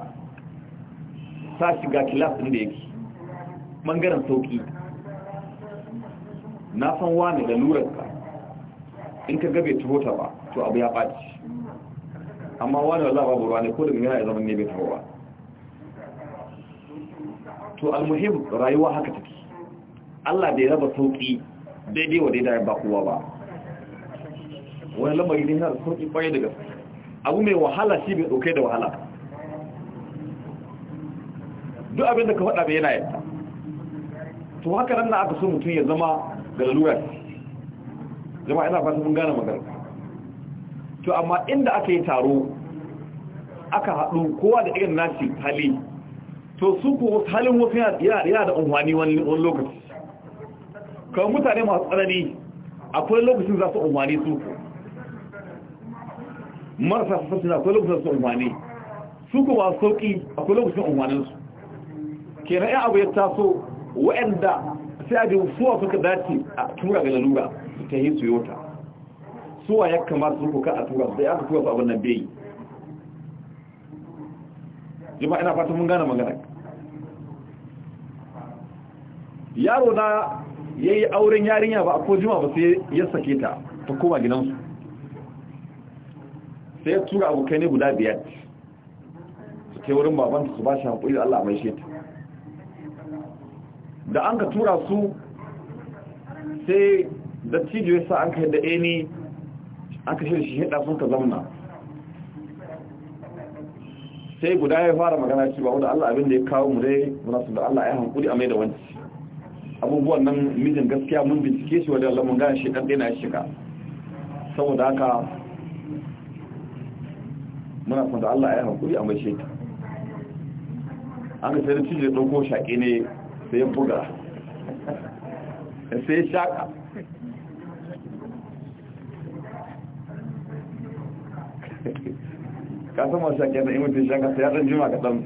sa shiga kilas ɗin da yake mangaren sauƙi na san wani da lurarka in ka gabe tuhota ba to abu ya ɓaci amma wani wala babu ruwa ne ko daga yana ya zama ne bai taho ba to almuhim rayuwa haka take Allah bai raba sauƙi daidai wa daidai ba kowa ba wani yi ne yana da sauki ɓaya daga gaske abu mai wahala shi mai ɗauke da wahala duk abin da ka faɗa bai yana yadda to haka nan na aka so mutum ya zama ga lalura zama ina fata mun gane magana to amma inda aka yi taro aka haɗu kowa da irin nashi hali to su ko halin wasu yana da unhwani wani lokaci kawai mutane masu tsanani akwai lokacin za su unhwani su marasa fasasuna akwai lokacin su umarni su kuma sauƙi akwai lokacin umarninsu ke na abu ya taso waɗanda sai a jin suwa suka dace a tura ga lalura su ta yi su yota suwa ya kamata su kuka a tura sai aka tura su abin nan bai jima ina fata mun gane magana yaro na ya yi auren yarinya ba a ko jima ba sai ya sake ta ta koma gidansu sai ya tura abokai ne guda biyar su ke wurin babanta su ba shi hankuli Allah mai sheta da an ka tura su sai da ya sa an ka yadda eni eh an ka shirya shi hada sun ka zamna sai guda ya fara magana ba wadda Allah abin da ya kawo mu dai muna su da Allah ya haƙuri a mai da wanci abubuwan nan mijin gaskiya mun bincike shi wadda Allah mun gane shi ɗan ɗaya shiga saboda haka muna son da Allah ya hankuri a mai sheki an sai da cije ɗauko shaƙi ne sai ya buga sai ya shaƙa kasan masu shaƙi na imutin shaƙa sai ya ɗan jima kaɗan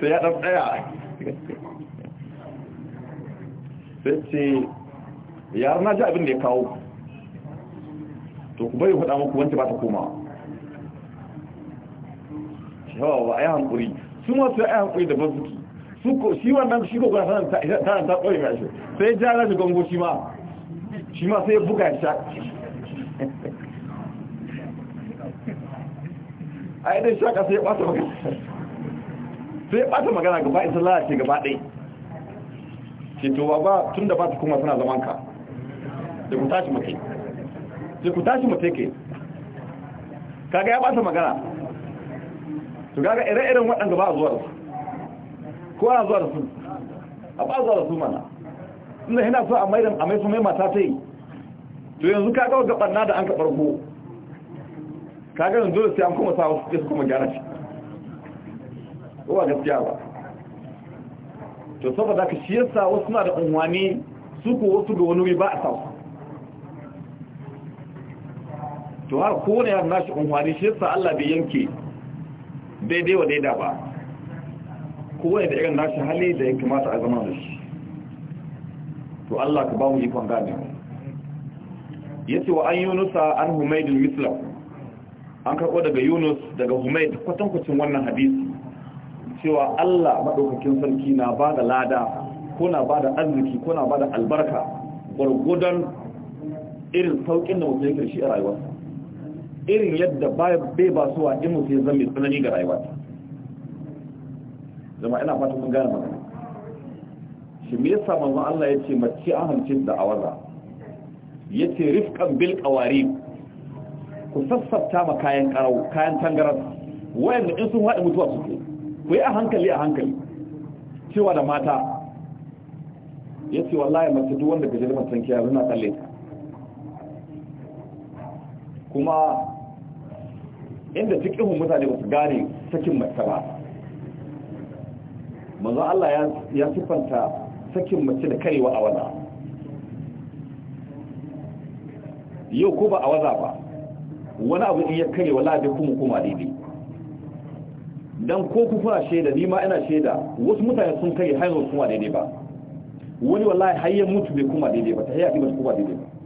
sai ya ɗan ɗaya sai ce yaran na ji abin da ya kawo to ku bai hudu muku wancan ba ta komawa yawa ai hankuri su ma su ai hankuri da bazuki su ko shi wannan shi ko ga sanan ta ta koyi shi sai ja ga gongo shi ma shi ma sai buga shi ai dai shaka sai bata magana sai bata magana gaba isa ce gaba dai ce to baba tunda ba ta kuma suna zaman ka da ku tashi mutai sai ku tashi mutai ke kaga ya bata magana to gaga ire-iren waɗanda ba a zuwa da su ko ana zuwa da su a ba a zuwa da su mana inda yana so a mai da amai mai mata ta yi to yanzu kaga wa gabanna da an ka farko kaga yanzu dole sai an kuma sa wasu su kuma gyara shi ko ba gaskiya ba to saboda ka shi yasa wasu na da unwani su ko wasu ga wani ba a sa su to har kowane yana nashi unwani shi yasa Allah bai yanke daidai wa daida ba kowane da irin nashi hali da ya kamata a zama da shi to Allah ka ba mu ikon gane ce wa an yunusa an humaydul mislam an karbo daga yunus daga humayd kwatankwacin wannan hadisi cewa Allah maɗaukakin sarki na ba da lada ko na ba da arziki ko na ba da albarka gwargwadon irin sauƙin da mutum yake shi a rayuwarsa irin yadda bai ba wa in mutum zan mai tsanani ga rayuwa zama ina fata mun gane magana shi me yasa manzon Allah ya ce mace an hanci da awaza ya ce rifkan bil qawari ku sassafta ma kayan karau kayan tangaras wayanda in sun haɗa mutuwa suke ku yi a hankali a hankali cewa da mata ya ce wallahi mace duk wanda gaje da mace kiyaye na kalle ta kuma inda cikin mutane ba su gane sakin mace ba manzo Allah ya ya sifanta sakin mace da karewa a waza yau ko ba a waza ba wani abu iya ya kare wala kuma kuma daidai dan ko kuma kuna shaida ni ma ina shaida wasu mutane sun kare hanyar kuma daidai ba wani wallahi hayyar mutu bai kuma daidai ba ta hayya ba kuma daidai ba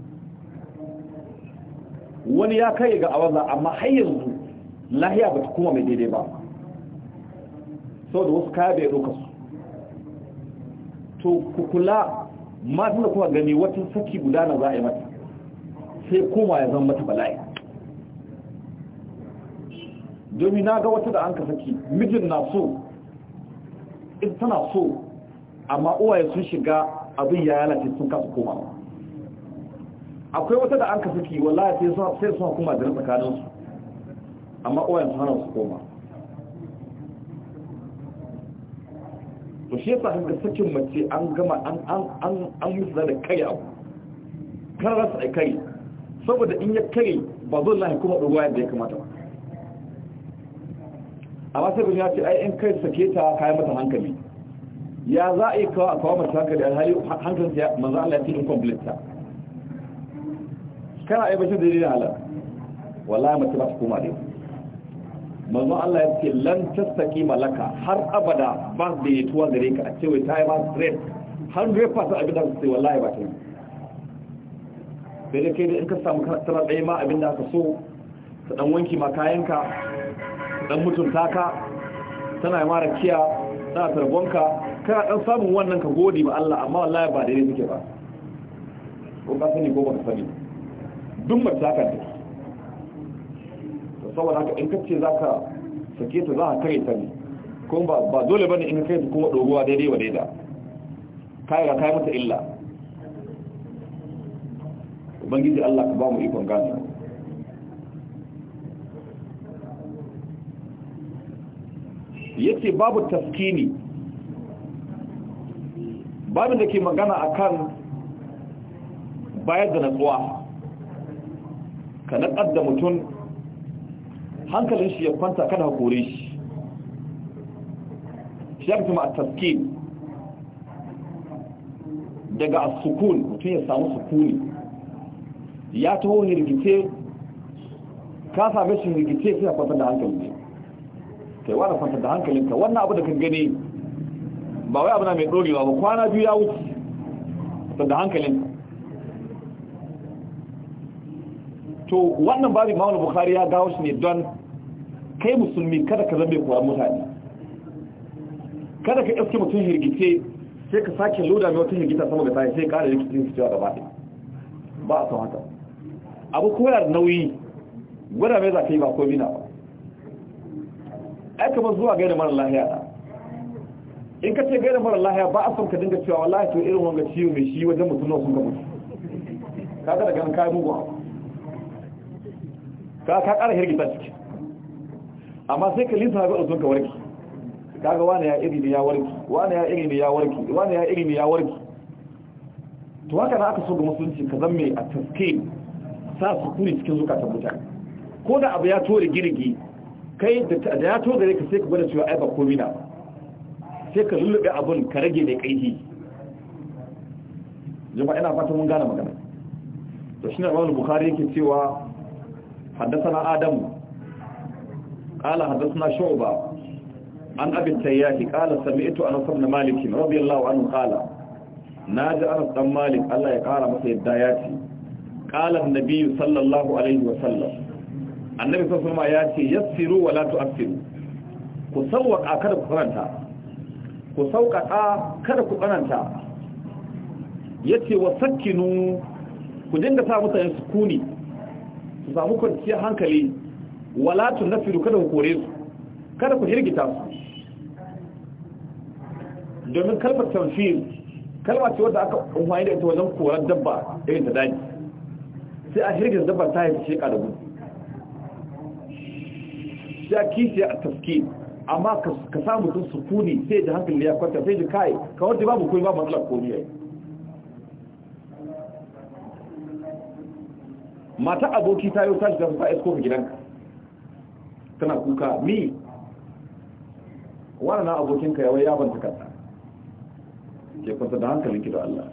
wani ya kai ga awaza amma har yanzu lahiya ba ta kuma mai daidai ba saboda wasu kaya bai roka su to ku kula tun da kuma gani wata saki guda na za a yi mata sai koma ya zama mata bala'i domin na ga wata da an ka saki mijin na so in tana so amma uwaye sun shiga abin ya lalace sun kasa komawa akwai wata da an ka saki wallahi sai sai sun kuma da tsakanin su amma uwayen su hana su koma to shi yasa hanga sakin mace an gama an an an an musu da kai abu kar rasa ai kai saboda in ya kai ba zo lahi kuma ɗuruwa yadda ya kamata ba amma sai kun ya ce ai in kai sake ta kayan mata hankali ya za a yi kawo a kawo mata hankali alhali hankali ya maza Allah ya ce incomplete ta kana aibashin da dalilin halal wallahi mace ba su koma da yau manzon Allah ya ce lan tasaki malaka har abada ba da ya tuwa gare ka a cewa ta yi ba red har zai fasa abin da su ce wallahi ba yi, sai da kai da in ka samu tana ɗaya ma abin da aka so ta ɗan wanki ma kayanka ta ɗan mutunta ka tana yi mara kiya tana tarbonka kana ɗan samun wannan ka gode ba Allah amma wallahi ba daidai suke ba ko ka sani ko ba ka sani duk mace za ka da saboda haka in kace za ka sake ta za a kare ta ne kuma ba dole ba ne in kai ta kuma doguwa daidai wa daida kayi ga kayi mata illa ubangiji Allah ka ba mu ikon Ya ce babu taskini babin da ke magana akan bayar da natsuwa ka naƙar da mutum hankalin shi ya kwanta kada hakuri shi shi ya kuma a taski daga a sukun mutum ya samu sukuni ya taho hirgice ka same shi hirgice sai ya kwanta da hankali ne kai wani kwanta da hankalinka wannan abu da kan gani ba wai abu na mai ɗorewa ba kwana biyu ya wuce da hankalinka to wannan babin imam bukhari ya gawo shi ne don kai musulmi kada ka zambe kuwa mutane kada ka iske mutum hirgice sai ka sake loda mai wata hirgita sama da sai kada da cikin su cewa gaba ba a san haka abu koyar da nauyi gwada mai za ka yi ba komi na ba aika kamar zuwa gaida mara lahiya na in ka ce gaida mara lahiya ba a son ka dinga cewa wallahi to irin wanga ciwo mai shi wajen mutum na sun ka mutu kaga da ganin kayan mugu ka ka ƙara hirgita ciki amma sai ka linta ga uzun ka warki kaga wani ya iri ne ya warki wani ya iri ne ya warki wani ya iri ne ya warki to haka na aka so ga musulunci ka zan mai a taske sa su kuri cikin zukatan mutane ko da abu ya tore girgi kai da ya tore ka sai ka gwada cewa ai ba komai na sai ka lullube abun ka rage mai kaihi jama'a ina fata mun gane magana to ne Imam Bukhari yake cewa حدثنا آدم قال حدثنا شعبة عن أبي التياه قال سمعت أنس بن مالك رضي الله عنه قال ناجى أنس بن مالك الله يقال مثل الداياتي قال النبي صلى الله عليه وسلم النبي صلى الله عليه وسلم يسروا ولا تؤثروا كسوق أكد قرنتها ku sauƙaƙa kada ku tsananta ya ce wa sakkinu ku dinga sa mutane sukuni su samu kwanciyar hankali wala firu kada ku kore su kada ku hirgita su domin kalmar tanfir kalmar ce wadda aka umarni da ita wajen korar dabba irin ta daji sai a hirgita dabba ta haifi sheka da gudu sai a kishi a taski amma ka samu sun sukuni sai da hankali ya kwanta sai ji kai kawar da babu kuri babu matsalar komiyar mata aboki ta yi tashi da su fa'isko ka gidanka tana kuka mi wannan abokinka yawai ya banta kasa ke kwanta da hankalin da Allah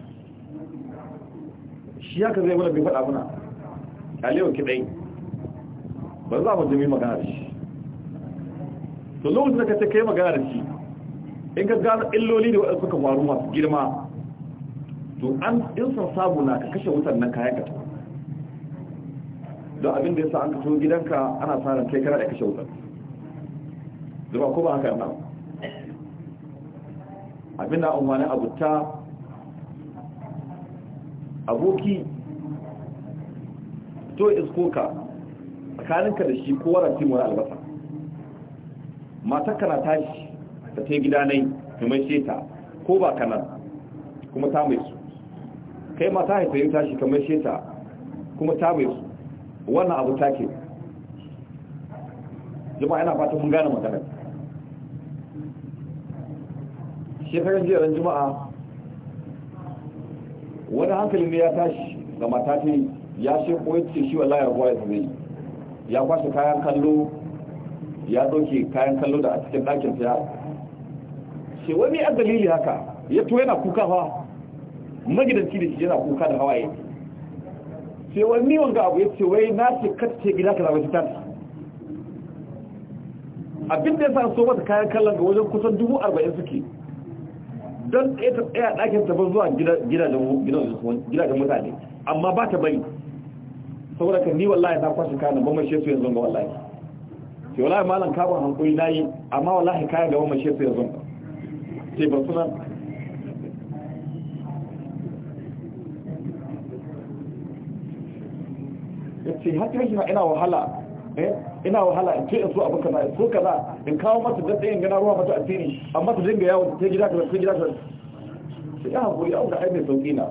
shi haka zai wani bin faɗa muna aliyar kiɗai ba za mu jami magana da shi to lokacin da ka ce kai magana da shi in ka gano illoli da waɗanda suka faru masu girma to an in sabu na ka kashe wutan nan kayan ka don abin da ya sa an kaso gidanka ana fara kai kana da kashe wuta zuba ko ba haka yana abin da umarnin abuta aboki to iskoka tsakaninka da shi ko waranti mura albasa matakka na tashi ta ta gida nai mai sheta ko ba nan kuma ta mai su kai mata haifayin tashi kamar sheta kuma ta mai su wannan abu ke jama'a yana fata mun gane magana shekarun jiya ran juma'a wani hankali ne ya tashi ga matafi ya shi koyi ce shi wallahi rabuwa ya zube ya kwashe kayan kallo ya doke kayan kallo da a cikin ɗakin ta shi wani a dalili haka ya to yana kuka fa magidanci da shi yana kuka da hawaye sai wani wanga abu ya ce wai na ce kacce gida ka zaɓi tafi abinda ya sa so mata kayan kallon ga wajen kusan dubu arba'in suke don ɗaya ta ban ɗakin tabar zuwa gidajen mutane amma ba ta bari saboda kan ni wallahi na kwashe kayan nan mai su yanzu ga wallahi ce wallahi malam kaban hankuri na yi amma wallahi kayan da ban su yanzu ga sai ba suna. ce hakan shi na ina wahala eh, ina wahala in ce in so abin kaza in so kaza in kawo mata da tsayin gana ruwa mata asiri amma ta dinga yawon ta gida ta gida ta sai ya haƙuri auka ai mai sauƙi na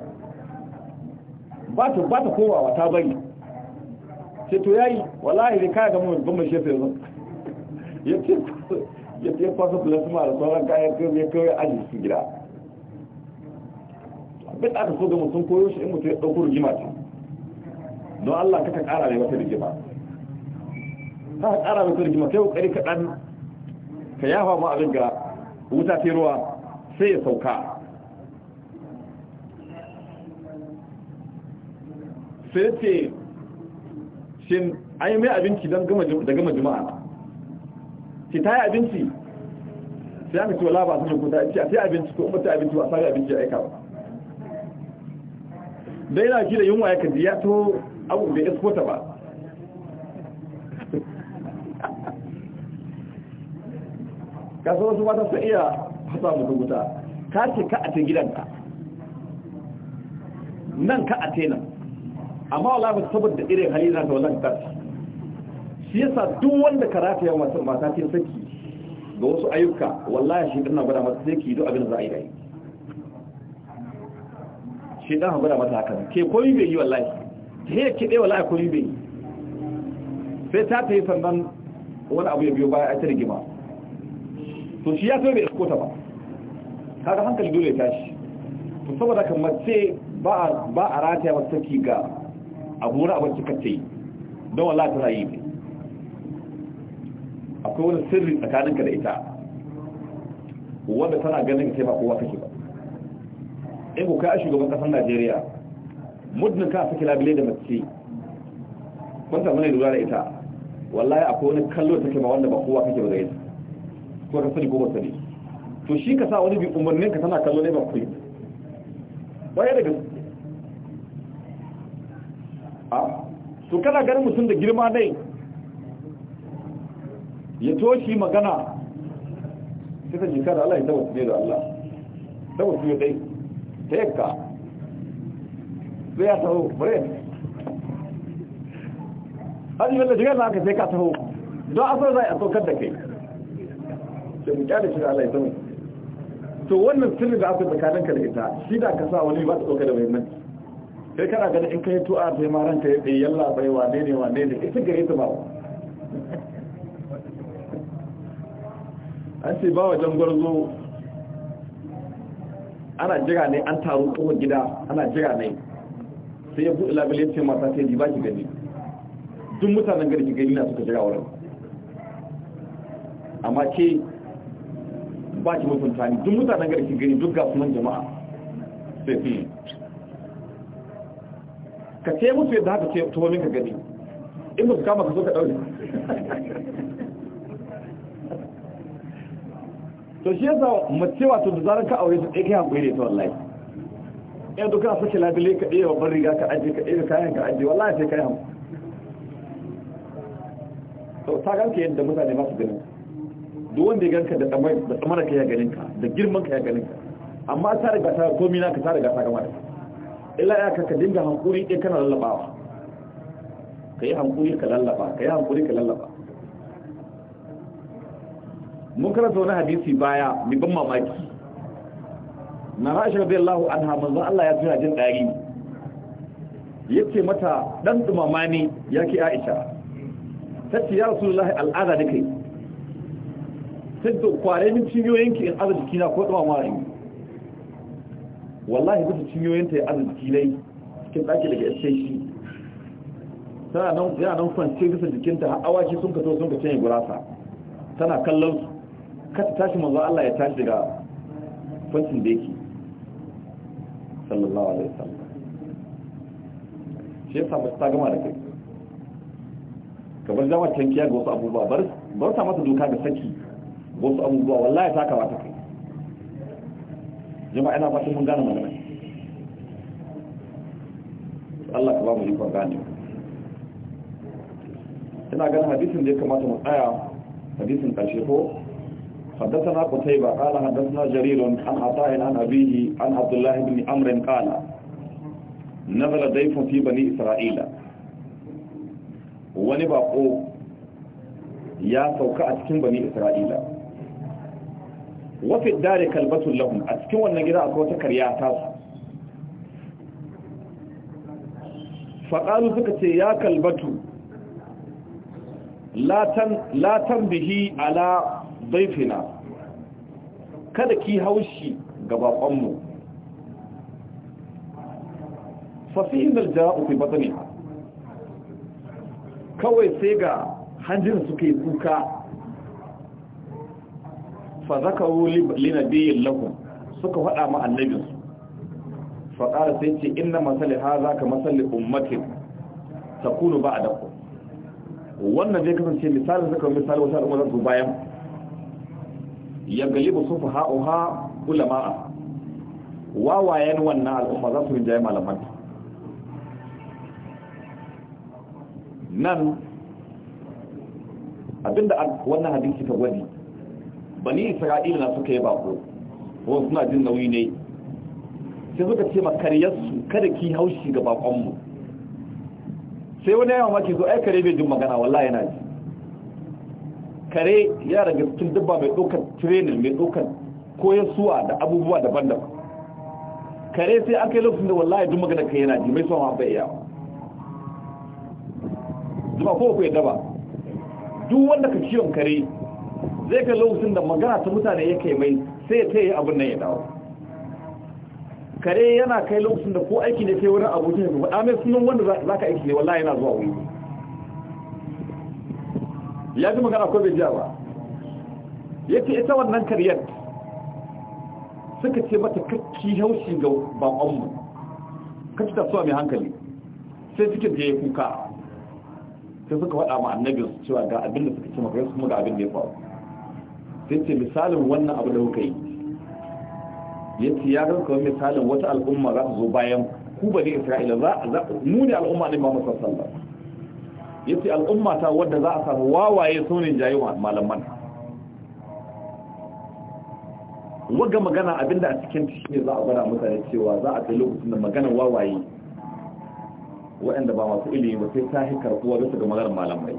ba ta ba ta kowawa ta bari sai to yayi wallahi ne kaya gama mai ban mai shefe yanzu ya ce ya ce kwasa plasma da sauran kayan kai ya kai aji su gida bin da aka so ga mutum koyo shi in mutum ya dauko rigima ce don Allah ka kara mai wata rigima ka kara mai wata rigima sai kokari kaɗan ka yafa ma abin ga wuta ta ruwa sai ya sauka sai ya ce shi an yi mai abinci don gama jima'a ce ta yi abinci sai ya ce wala ba su jikuta ce a sai abinci ko umarta abinci ba a sami abinci a aika ba dai na shi da yunwa ya kaji ya to abu bai isko ta ba kasar wasu mata sun iya hasa mutu wuta ka ce ka a ce gidanka nan ka a ce nan amma wala ba saboda irin hali na ta wannan tarci shi yasa duk wanda karata ya masu mata ce saki ga wasu ayyuka wallahi shi ɗan gwada sai ki duk abin za a yi rai shi ɗan gwada mata haka ke koyi bai yi wallahi he kiɗe wala a kuri bai sai ta ta yi sannan wani abu ya biyo baya a ta rigima to shi ya so bai iskota ba kaga hankali dole ya tashi to saboda kan mace ba a rataya wata saki ga abu na abin cika ce don wala tana yi ne akwai wani sirri tsakaninka da ita wanda tana ganin ka sai ba kowa kake ba in ku kai a shugaban kasar najeriya muddin ka suke labile da mace kun samu ne lura da ita wallahi akwai wani kallo take ma wanda ba kowa kake ba da ko ka sani ko ba sani to shi ka sa wani bi umarnin ka tana kallo ne ba kuyi ba ya daga a to kana ganin mutum da girma dai ya toshi magana sai ta jika da Allah ya tabbata da Allah tabbata dai ta yakka sai ya taho bare hadi wanda shigar na haka sai ka taho don asar zai a saukar da kai sai mu kyale shi da Allah ya sani to wannan sirri da aka tsakanin ka da shi da ka sa wani ba ta dauka da muhimmanci sai kana ganin in kai tu'a sai ma ranka ya tsaye yalla bai wane ne wane ne ita gare ta ba an ce ba wajen gwarzo ana jira ne an taru kuma gida ana jira ne sai ya buɗe label ce mata ta yi ba ki gani duk mutanen gari ki gani na suka jira wurin amma ke ba ki mutunta ni duk mutanen gari ki gani duk ga sunan jama'a sai fi ka ce musu yadda haka ce tuwo min ka gani in ba su kama ka zo ka ɗauki to shi yasa mace wato da zarar ka aure su ɗaya kai hankali da ita wallahi ya duka a fashe labile ka ɗaya babban riga ka ajiye ka ɗaya kayan ka ajiye wallahi sai kayan to ta ganka yadda mutane masu ganin duk wanda ya ganka da tsamara ka ya ganin ka da girman ka ya ganin ka amma ta riga ta komi na ka ta riga ta gama da ila ya ka ka dinga hankuri ɗin kana lallabawa ka yi hankuri ka lallaba ka yi hankuri ka lallaba mun kana wani hadisi baya mai ban mamaki na Aisha radiyallahu anha manzo Allah ya tura jin dari yace mata dan dumama ne yake Aisha tace ya Rasulullahi al'ada da kai sai to kware min ki in arziki na ko dumama ne wallahi bisa cinyoyinta ya jiki ne cikin daki daga sai shi tana nan ya nan kwance bisa jikinta har awaki sun ka zo sun ka canye gurasa tana kallon ka tashi manzo Allah ya tashi daga kwancin da yake sallallahu alaihi wasallam shi yasa ba ta gama da kai kamar zama tankiya ga wasu abubuwa bar bar ta mata doka ga saki wasu abubuwa wallahi ta kawata kai jama'a ina fatan mun gane magana Allah ka ba mu ikon gane ina ganin hadisin da ya kamata mu tsaya hadisin karshe ko حدثنا قتيبة قال حدثنا جرير عن عطاء عن أبيه عن عبد الله بن عمرو قال نزل ضيف في بني إسرائيل wani bako ya sauka a cikin bani isra'ila wafi dare kalbatun lahun a cikin wannan gida akwai wata karya ta su suka ce ya kalbatu latan bihi ala daifina kada ki haushi ga bakonmu fasihin da ja'u fi bataniha kawai sai ga hanjin suke kuka fa Lina li nabiyyin suka faɗa ma annabinsu fa sai ce inna masali za ka masali ummatin a dako wannan zai kasance misalin suka misali al'ummar al'umma bayan ya galibu su faha'uha ulama'a wawayen wannan al'umma za su rinjaye malamanta nan abinda wannan hadisi ka gwani bani isra'ila na suka yi bako ko suna jin nauyi ne sai suka ce makaryarsu kada ki haushi ga bakonmu sai wani yawan maki zo aikare bai jin magana wallahi yana ji kare ya daga cikin dabba mai ɗaukar training mai ɗaukar koyar suwa da abubuwa daban-daban kare sai an kai lokacin da wallahi duk magana kai yana ji mai suwa ma bai yawa zuma ko ku yadda ba duk wanda ka ciwon kare zai kai lokacin da magana ta mutane ya kai mai sai ya taya abin nan ya dawo kare yana kai lokacin da ko aiki ne kai wurin abokin ya faɗa mai sunan wanda za ka aiki ne wallahi yana zuwa wuri ya ji magana ko bai jawa ba ce ita wannan karyar suka ce mata kakki haushi ga bakonmu kacci ta suwa mai hankali sai suke da ya kuka sai suka wada ma annabi su cewa ga abin da suka ce maka su kuma ga abin da ya faru sai ce misalin wannan abu da kuka yi ya ce ya ganka wani misalin wata al'umma za su zo bayan ku ne isra'ila za mu ne al'umma ne ba masu sassan yace al'umma ta wadda za a samu wawaye sunin jayewa malaman waga magana abinda a cikin shine za a gwada mutane cewa za a kai lokacin da magana wawaye waɗanda ba masu ilimi ba sai ta hikar kuwa su ga maganar malamai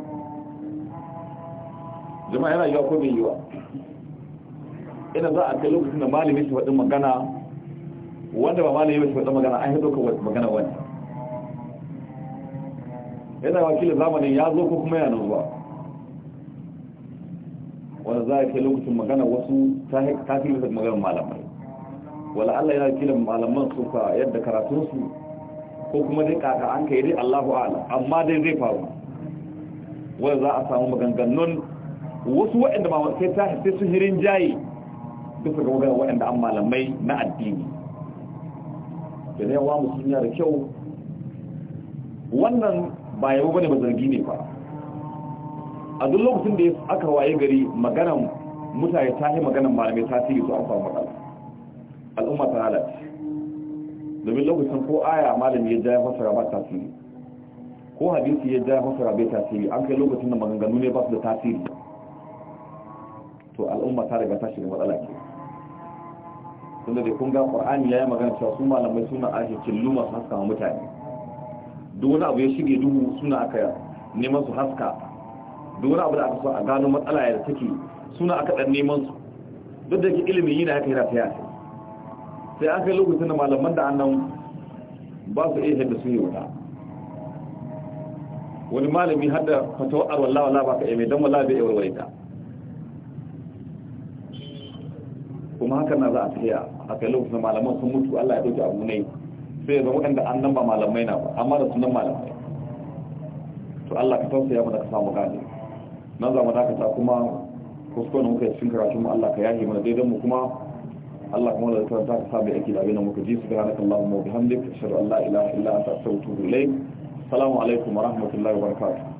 jama'a yana yiwa ko bai yiwa ina za a kai lokacin da malami shi faɗin magana wanda ba malami ba shi faɗin magana an yi ɗaukar magana wani yana wakilin zamanin ya zo ko kuma yana zuwa wanda za a ke lokacin magana wasu ta fi lokacin maganin malamai wala Allah yana wakilin malaman su ka yadda karatunsu ko kuma dai kaka an kai dai Allahu ala amma dai zai faru wanda za a samu maganganun wasu waɗanda ba wasu ta sai sun hirin jayi bisa ga maganar waɗanda an malamai na addini da ne wa musulmiya da kyau wannan ba yabo bane ba zargi ne ba a duk lokacin da aka waye gari maganan mutane ta yi maganan malamai tasiri su an samu matsala al'umma ta halatta domin lokacin ko aya malami ya jaya fasara ba tasiri ko hadisi ya jaya fasara bai tasiri an kai lokacin da maganganu ne ba su da tasiri to al'umma ta riga tashi da matsala ke tunda da kun ga ya yi magana cewa su malamai suna ake killuma su haska mutane duk abu ya shige duhu suna aka neman su haska duk abu da aka so a gano matsala ya take suna aka dan neman su duk da ke ilimin yi na haka yana taya sai an kai lokacin da malaman da annan ba su iya yadda su yi wata wani malami har da fatawar wallawa la ba ka yi mai don wallawa bai yawarware ta kuma haka na za a tsaya a kai lokacin malaman sun mutu allah ya doke abu ne sai ya zama waɗanda an nan ba malamai na ba amma da sunan malamai to Allah ka tausa ya mana ka samu gane nan za mu dakata kuma kuskure muka yi cikin karatu mu Allah ka yahi mana daidan mu kuma Allah kuma da ta ka bai aiki da abin muka ji su ga hanakan Allah mu bihamdika ashhadu shar Allah ilaha illa anta astaghfiruka wa assalamu alaikum wa rahmatullahi wa barakatuh